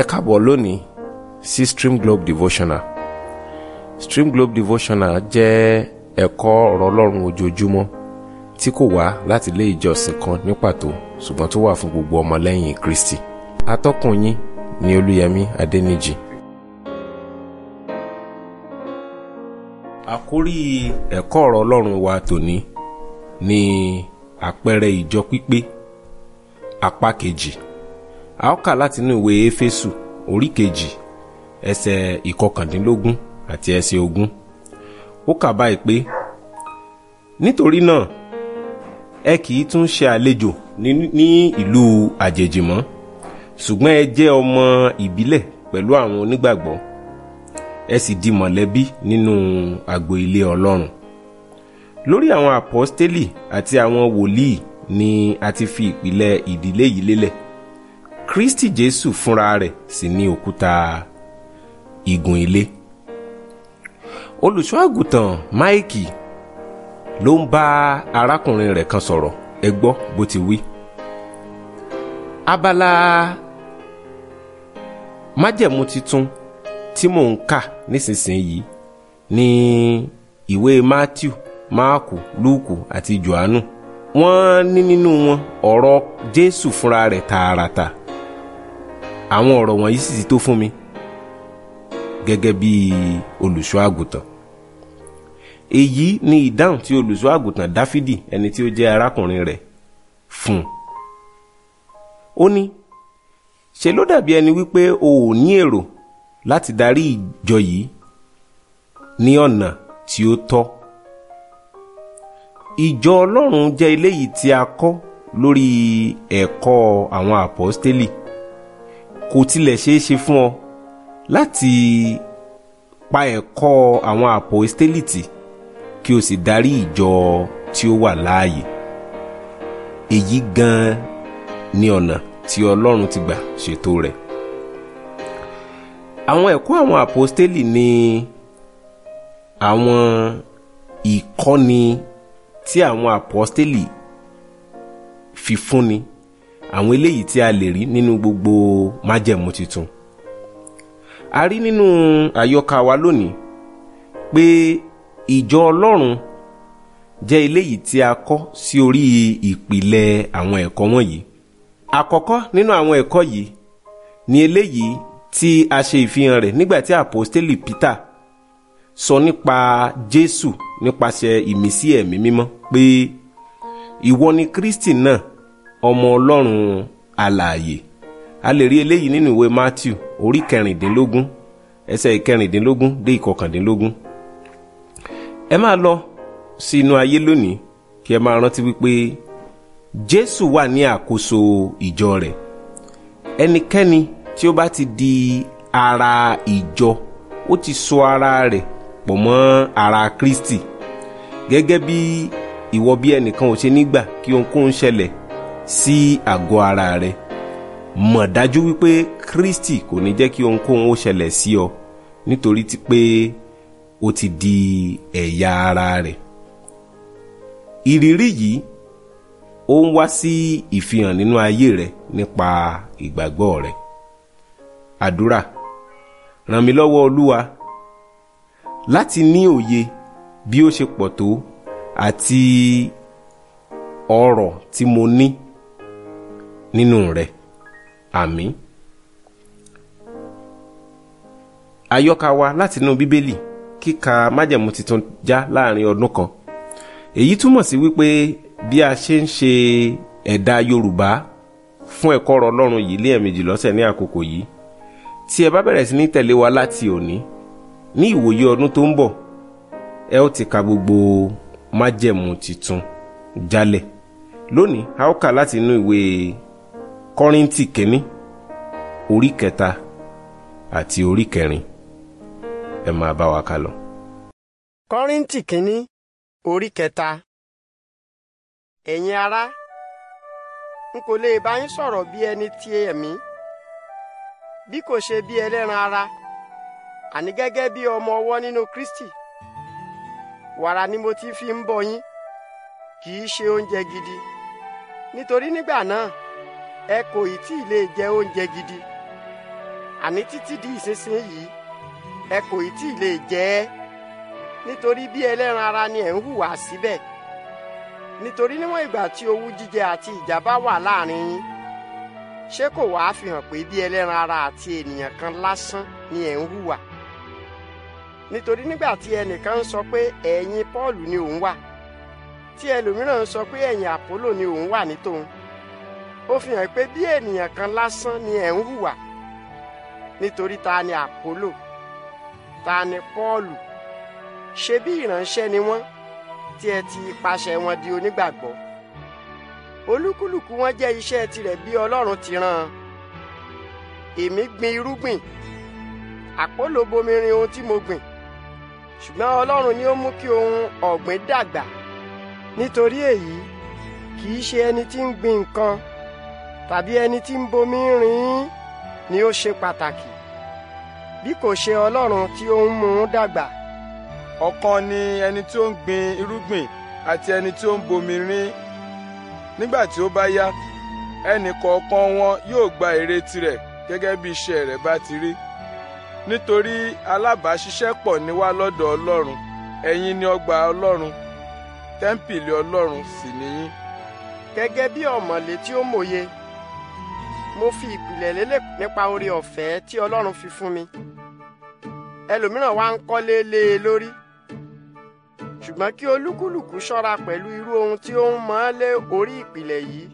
ẹ káàbọ̀ lónìí sí stream globe devotional stream globe devotional jẹ́ ẹ̀kọ́ ọ̀rọ̀ ọlọ́run ojoojúmọ́ tí kò wá láti ilé ìjọsìn kan ní pàtó ṣùgbọ́n tó wà fún gbogbo ọmọlẹ́yìn kristi atọ́kùn yín ni olúyẹmí adẹ́nìjì. àkórí ẹ̀kọ́ ọ̀rọ̀ ọlọ́run wa tòní ni àpẹẹrẹ ìjọ pípé apá kejì a ó kà láti inú ìwé éfésù orí kejì ẹsẹ̀ ìkọkàndínlógún àti ẹsẹ̀ ogún ó kà báyìí pé nítorí náà ẹ kì í tún ṣe àlejò ní ìlú àjèjì mọ́ ṣùgbọ́n ẹ jẹ́ ọmọ ìbílẹ̀ pẹ̀lú àwọn onígbàgbọ́ ẹ sì di mọ̀lẹ́bí nínú agbo ilé ọlọ́run lórí àwọn àpọ́stélì àti àwọn wòlíì ni a ti fi ìpìlẹ̀ ìdílé yìí lélẹ̀ kristi jésù fúnra rẹ̀ sì ní òkúta igun ilé olùṣọ́àgùtàn máìkì ló ń bá arákùnrin rẹ̀ kan sọ̀rọ̀ ẹ gbọ́ bó ti wí abala májẹ̀mú titun tí mò ń kà nísinsìnyí ní ìwé matthew máàkù lúùkù àti johannu wọ́n ní nínú wọn ọ̀rọ̀ jésù fúnra rẹ̀ tààràtà. Ta àwọn ọ̀rọ̀ wọ̀nyí sì ti tó fún mi gẹ́gẹ́ bí olùṣọ́ àgùntàn èyí ni ìdáhùn tí olùṣọ́ àgùntàn dáfídì ẹni tí ó jẹ́ arákùnrin rẹ̀ fún un ó ní ṣe ló dàbí ẹni wípé o ò ní èrò láti darí ìjọ yìí ní ọ̀nà tí ó tọ́ ìjọ ọlọ́run jẹ́ ilé tí a kọ́ lórí ẹ̀kọ́ àwọn àpọ́stélì. E kò tilẹ̀ ṣeé ṣe fún ọ láti pa ẹ̀kọ́ àwọn àpòstélì tì kí o sì darí ìjọ tí ó wà láàyè èyí gan-an ni ọ̀nà tí ọlọ́run ti gbà ṣètò rẹ̀ àwọn ẹ̀kọ́ àwọn àpòstélì ni àwọn ìkọ́ni tí àwọn àpòstélì fi fúnni àwọn eléyìí tí a lè rí nínú gbogbo májẹ̀mú tuntun a rí nínú àyọkà wa lónìí pé ìjọ ọlọ́run jẹ́ eléyìí tí a kọ́ sí orí ìpìlẹ̀ àwọn ẹ̀kọ́ wọ̀nyí àkọ́kọ́ nínú àwọn ẹ̀kọ́ yìí ni eléyìí tí a ṣe ìfihàn rẹ̀ nígbà tí àpọ́stélì Peter sọ nípa Jésù nípasẹ̀ ìmísí ẹ̀mí mímọ́ pé ìwọ ni Kristi náà ọmọ ọlọ́run alààyè a lè rí eléyìí nínú ìwé matthew orí kẹrìndínlógún ẹsẹ̀ ìkẹrìndínlógún dé ìkọkàndínlógún ẹ máa lọ sí inú ayé lónìí kí ẹ máa rántí wípé jésù wà ní àkóso ìjọ rẹ̀ ẹnikẹ́ni tí ó bá ti di ara ìjọ ó ti so ara rẹ̀ pọ̀ mọ́ ara kristi gẹ́gẹ́ bí ìwọ bí ẹnìkan ò ṣe nígbà kí ohunkóhun ṣẹlẹ̀ sí àgọ́ ara rẹ mọ̀ dájú wípé Kristi kò ní jẹ́ kí ohunkóhun ó ṣẹlẹ̀ sí ọ nítorí ti pé o ti di ẹ̀yà ara rẹ̀ ìrírí yìí ó ń wá sí ìfihàn nínú ayé rẹ nípa ìgbàgbọ́ rẹ àdúrà ràn mí lọ́wọ́ Olúwa láti ní òye bí ó ṣe pọ̀ tó àti ọrọ̀ tí mo ní nínú rẹ̀ àmín. àyọkà wa látinú bíbélì kíka májẹ̀mú tuntun já láàrin ọdún kan èyí túmọ̀ sí wípé bí a ṣe ń ṣe ẹ̀dà yorùbá fún ẹ̀kọ́ ọ̀rọ̀ ọlọ́run yìí lé ẹ̀mejì lọ́sẹ̀ ní àkókò yìí tí ẹ bá bẹ̀rẹ̀ sí ní tẹ̀lé wa láti òní ní ìwòye ọdún tó ń bọ̀ ẹ ó ti ka gbogbo májẹ̀mú tuntun jálẹ̀ lónìí a ó kà láti ìwé kọ́ríntì kínní orí kẹta àti orí kẹrin ẹ máa bá wa kálọ. kọ́ríntì kínní orí kẹta ẹ̀yin ará n kò lè bá yín sọ̀rọ̀ bí ẹni tí ẹ̀mí bí kò ṣe bí ẹlẹ́ran ara àní gẹ́gẹ́ bí ọmọ ọwọ́ nínú Kristi wàrà ni mo ti fi ń bọ́ yín kì í ṣe oúnjẹ gidi nítorí nígbà náà ẹ kò ì tí ì lè jẹ oúnjẹ gidi àní títí di ìsinsìnyí ẹ kò ì tí ì lè jẹ ẹ́ nítorí bí ẹlẹ́ran ara ni ẹ̀ ń hùwà síbẹ̀ nítorí níwọ̀n ìgbà tí owú jíjẹ àti ìjà wà láàrin yín ṣé kò wáá fi hàn pé bí ẹlẹ́ran ara àti ènìyàn kan lásán ni ẹ̀ ń hùwà nítorí nígbà tí ẹnìkan ń sọ pé ẹ̀yìn Pọ́ọ̀lù ni òun wà tí ẹlòmíràn ń sọ pé ẹ̀yìn Àpólò ni òun wà ní tòun ó fi hàn pé bí ènìyàn kan lásán ni ẹ̀ ń hùwà nítorí ta ni àpólò ta ni pọ́ọ̀lù ṣe bí ìránṣẹ́ ni wọ́n tí ẹ ti ipasẹ̀ wọn di onígbàgbọ́ olúkúlùkù wọn jẹ́ iṣẹ́ tirẹ̀ bí ọlọ́run ti rán an èmi gbin irúgbìn àpólò bomirin ohun tí mo gbìn ṣùgbọ́n ọlọ́run ni ó mú kí ohun ọ̀gbìn dàgbà nítorí èyí kì í ṣe ẹni tí ń gbin nǹkan tàbí ẹni tí ń bomi rìn ni ó ṣe pàtàkì bí kò ṣe ọlọ́run tí ó ń mú un dàgbà. ọ̀kan ni ẹni tí ó ń gbin irúgbìn àti ẹni tí ó ń bomi rin nígbà tí ó bá yá ẹnì kọ̀ọ̀kan wọn yóò gba èrè tirẹ̀ gẹ́gẹ́ bí iṣẹ́ rẹ̀ bá ti rí nítorí alábàáṣiṣẹ́pọ̀ ni wá lọ́dọ̀ ọlọ́run ẹ̀yin ni ọgbà ọlọ́run tẹ́ḿpìlì ọlọ́run sì nìyí. gẹ́gẹ́ bí ọ̀mọ̀lé tí ó mòye mo fi ìpìlẹ̀ lélẹ̀ nípa oore ọ̀fẹ́ tí Ọlọ́run fi fún mi ẹlòmíràn wá ń kọ́lé lé e lórí ṣùgbọ́n kí olúkúlùkù ṣọ́ra pẹ̀lú irú ohun tí ó ń mọ lé orí ìpìlẹ̀ yìí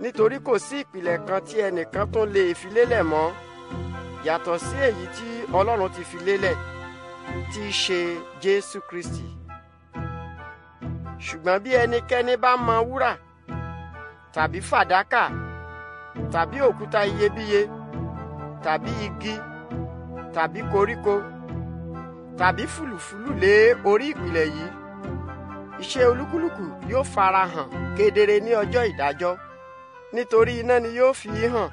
nítorí kò sí ìpìlẹ̀ kan tí ẹnìkan tún lè fi lélẹ̀ mọ́ yàtọ̀ sí èyí tí Ọlọ́run ti fi lélẹ̀ tí í ṣe Jésù Kristi ṣùgbọ́n bí ẹnikẹ́ni bá mọ wúrà tàbí fàdákà tàbí òkúta iyebíye tàbí igi tàbí koríko tàbí fùlùfùlù lé orí ìpìlẹ̀ yìí iṣẹ́ olúkúlùkù yóò fara hàn kedere ní ọjọ́ ìdájọ́ nítorí iná ni yóò fi hàn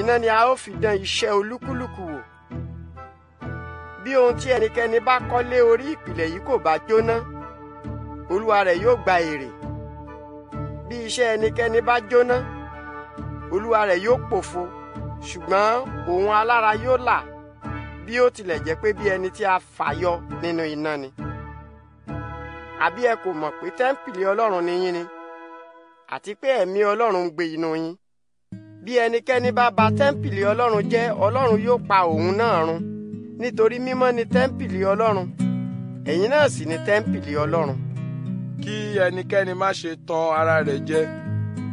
iná ni a ó fi dán iṣẹ́ olúkúlùkù wò bí ohun tí ẹnikẹ́ni bá kọ́ lé orí ìpìlẹ̀ yìí kò bá jóná olúwa rẹ̀ yóò gba èrè bí iṣẹ́ ẹnikẹ́ni bá jóná olúwa rẹ̀ yóò pòfo ṣùgbọ́n òun alára yóò là bí ó tilẹ̀ jẹ́ pé bí ẹni tí a fàyọ nínú iná ni àbí ẹ kò mọ̀ pé tẹ́ḿpìlì ọlọ́run ni yín ni àti pé ẹ̀mí ọlọ́run gbé inú yín bí ẹnikẹ́ni bá ba tẹ́ḿpìlì ọlọ́run jẹ́ ọlọ́run yóò pa òun náà run nítorí mímọ́ ni tẹ́ḿpìlì ọlọ́run ẹ̀yin náà sì ni tẹ́ḿpìlì ọlọ́run. kí ẹnikẹ́ni má ṣe tàn ara rẹ̀ jẹ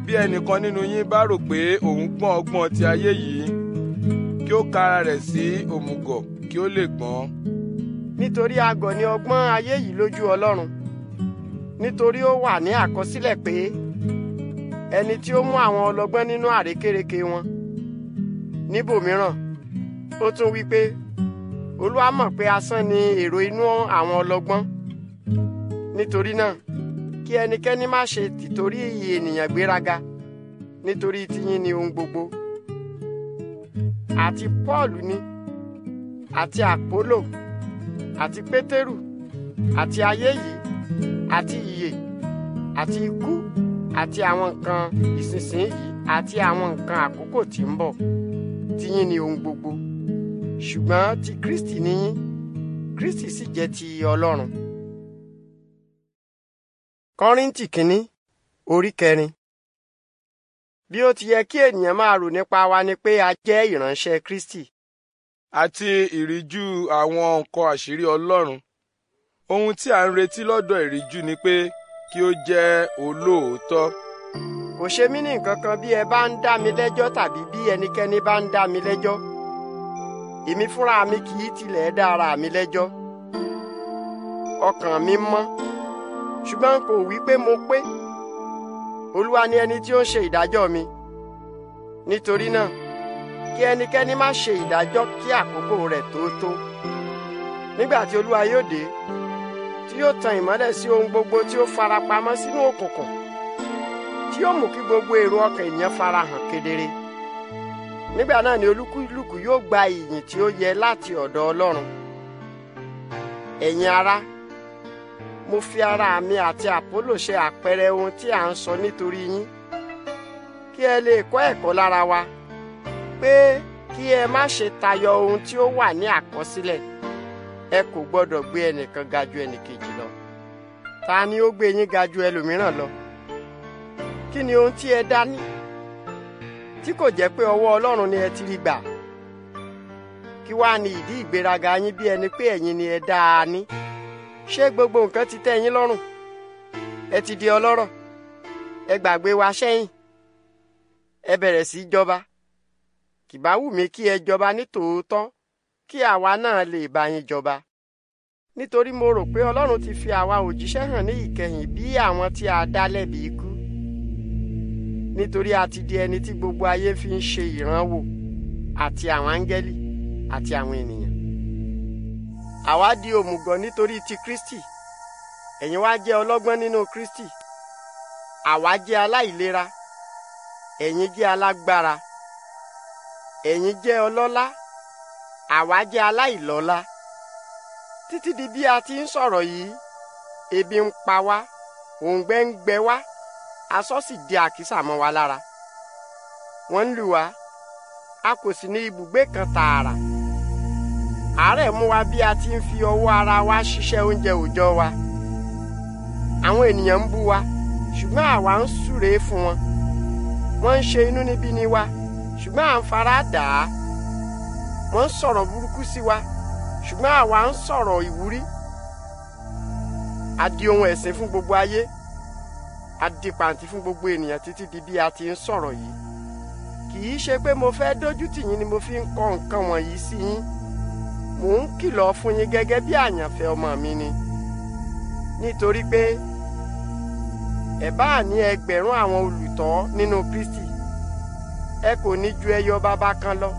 bí ẹnìkan nínú yín bá rò pé òun gbọ́n ọgbọ́n ti ayé yìí kí ó ka ara rẹ̀ sí òmùgọ̀ kí ó lè gbọ́n. nítorí agọ̀ ni ọgbọ́n ayé yìí lójú ọlọ́run nítorí ó wà ní àkọsílẹ̀ pé ẹni tí ó mú àwọn ọlọ́gbọ́n nínú àrékérekè wọn níbòmíràn ó tún wí pé olúwa mọ̀ pé asán ni èrò inú àwọn ọlọ́gbọ́n nítorí náà kí ẹnikẹ́ni má ṣe tìtorí iyì ènìyàn gbéraga nítorí tiyín ni ohun gbogbo àti Pọ́ọ̀lù ni àti Àpólò àti Pétérù àti ayé yìí àti ìyè àti ikú àti àwọn nǹkan ìsinsìnyí àti àwọn nǹkan àkókò tí ń bọ̀ tiyín ni ohun gbogbo ṣùgbọ́n ti Kristi niyín Kristi sì jẹ́ ti Ọlọ́run kọ́ríntì kínní orí kẹrin. bí ó ti yẹ kí ènìyàn máa rò nípa wa ni pé a jẹ́ ìránṣẹ́ Kristi. àti ìríjú àwọn nǹkan àṣírí Ọlọ́run ohun tí a ń retí lọ́dọ̀ ìríjú ni pé kí ó jẹ́ olóòótọ́. kò ṣe mí ní nǹkan kan bí ẹ bá ń dá mi lẹ́jọ́ tàbí bí ẹnikẹ́ni bá ń dá mi lẹ́jọ́ èmi fúnra mi kì í tilẹ̀ dá mi lẹ́jọ́ ọkàn mi mọ́ ṣùgbọ́n kò wí pé mo pé olúwa ni ẹni tí ó ń ṣe ìdájọ́ mi nítorí náà kí ẹnikẹ́ni má ṣe ìdájọ́ kí àkókò rẹ̀ tó tó nígbà tí olúwa yóò dé tí yóò tan ìmọ́lẹ̀ sí ohun gbogbo tí ó farapamọ́ sínú òkùnkùn tí yóò mú kí gbogbo èrò ọkàn ènìyàn farahàn kedere nígbà náà ni olúkúlùkù yóò gba ìyìn tí ó yẹ láti ọ̀dọ̀ ọlọ́run ẹ̀yin ara. mo fi ara mi àti àpólò ṣe àpẹẹrẹ ohun tí à ń sọ nítorí yín kí ẹ lè kọ́ ẹ̀kọ́ lára wa pé kí ẹ má ṣe tayọ ohun tí ó wà ní àkọsílẹ̀ ẹ kò gbọ́dọ̀ gbé ẹnìkan ga ju ẹnìkejì lọ ta ni ó gbé yín ga ju ẹlòmíràn lọ kí ni ohun tí ẹ dá ní? tí kò jẹ́ pé ọwọ́ Ọlọ́run ni ẹ ti rí gbà kí wàá ní ìdí ìgbéraga yín bí ẹni pé ẹ̀yin ni ẹ dá a ní. ṣé gbogbo nǹkan ti tẹ́ yín lọ́rùn ẹ ti di ọlọ́rọ̀ ẹ gbàgbé wa sẹ́yìn ẹ bẹ̀rẹ̀ sí í jọba kì bá wù mí kí ẹ jọba nítòótọ́ kí àwa náà lè bá yín jọba nítorí mo rò pé ọlọ́run ti fi àwa òjíṣẹ́ hàn ní ìkẹyìn bí àwọn tí a dá lẹ́bi ikú nítorí a ti di ẹni tí gbogbo ayé fi ń ṣe ìrànwọ́ àti àwọn áńgẹ́lì àti àwọn ènìyàn àwa di òmùgọ̀ nítorí ti Kristi ẹ̀yin wá jẹ́ ọlọ́gbọ́n nínú Kristi àwa jẹ́ aláìlera ẹ̀yin jẹ́ alágbára ẹ̀yin jẹ́ ọlọ́lá àwa jẹ́ aláìlọ́lá títí di bí a ti ń sọ̀rọ̀ yìí ebi ń pa wá òǹgbẹ ń gbẹ wá aṣọ sì di àkísà mọ́ wa lára wọ́n ń lù wá a kò sì ní ibùgbé kan tààrà àárẹ̀ mú wa bí a ti ń fi ọwọ́ ara wa ṣiṣẹ́ oúnjẹ òòjọ́ wa àwọn ènìyàn ń bú wa ṣùgbọ́n àwa ń súre fún wọn wọ́n ń ṣe inúnibíni wa ṣùgbọ́n à ń fara dà á wọ́n ń sọ̀rọ̀ burúkú sí wa ṣùgbọ́n àwa ń sọ̀rọ̀ ìwúrí a ohun ẹ̀sìn fún gbogbo ayé a pàǹtí fún gbogbo ènìyàn títí di bí a ti ń sọ̀rọ̀ yìí kì í ṣe pé mo fẹ́ dójú tì yín ni mo fi ń kọ nǹkan wọ̀nyí sí yín mò ń kìlọ̀ fún yín gẹ́gẹ́ bí àyànfẹ́ ọmọ mi ni nítorí pé ẹ bá ní ẹgbẹ̀rún àwọn olùtọ́ nínú Kristi ẹ kò ní ju ẹyọ bàbá kan lọ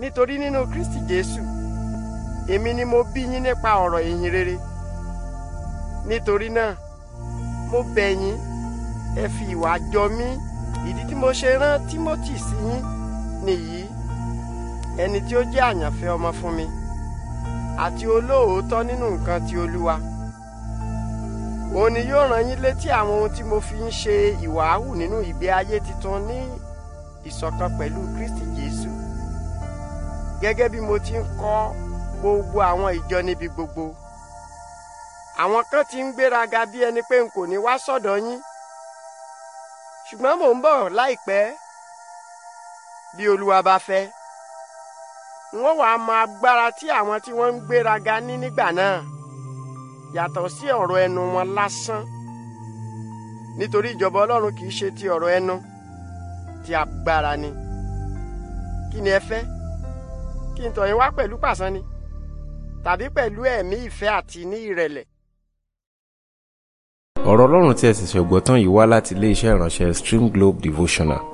nítorí nínú Kristi Jésù èmi ni mo bí yín nípa ọ̀rọ̀ ìyìn rere nítorí náà mo bẹ̀ yín ẹ fi ìwà jọ mí ìdí tí mo ṣe rán Timothy sí yín nìyí ẹni tí ó jẹ́ àyànfẹ́ ọmọ fún mi àti olóòótọ́ nínú nǹkan ti Olúwa òun ni yóò rán yín létí àwọn ohun tí mo fi ń ṣe ìwàhù nínú ìgbé ayé titun ní ìṣọ̀kan pẹ̀lú Kristi Jésù gẹ́gẹ́ bí mo ti ń kọ́ gbogbo àwọn ìjọ níbi gbogbo àwọn kan ti ń gbéraga bí ẹni pé n kò ní wá sọ́dọ̀ yín ṣùgbọ́n mò ń bọ̀ láìpẹ́ bí Olúwa bá fẹ́ wọ́n wàá mọ agbára tí àwọn tí wọ́n ń gbéraga ní nígbà náà yàtọ̀ sí ọ̀rọ̀ ẹnu wọn lásán nítorí ìjọba ọlọ́run kì í ṣe ti ọ̀rọ̀ ẹnu ti agbára ni kí ni ẹ fẹ́ kí n tọ̀ yín wá pẹ̀lú pàṣán ni tàbí pẹ̀lú ẹ̀mí ìfẹ́ àti ní ìrẹ̀lẹ̀. ọ̀rọ̀ ọlọ́run tí ẹ sì ṣẹ̀gbọ́tán yìí wá láti iléeṣẹ́ ìránṣẹ́ Stream Globe Devotional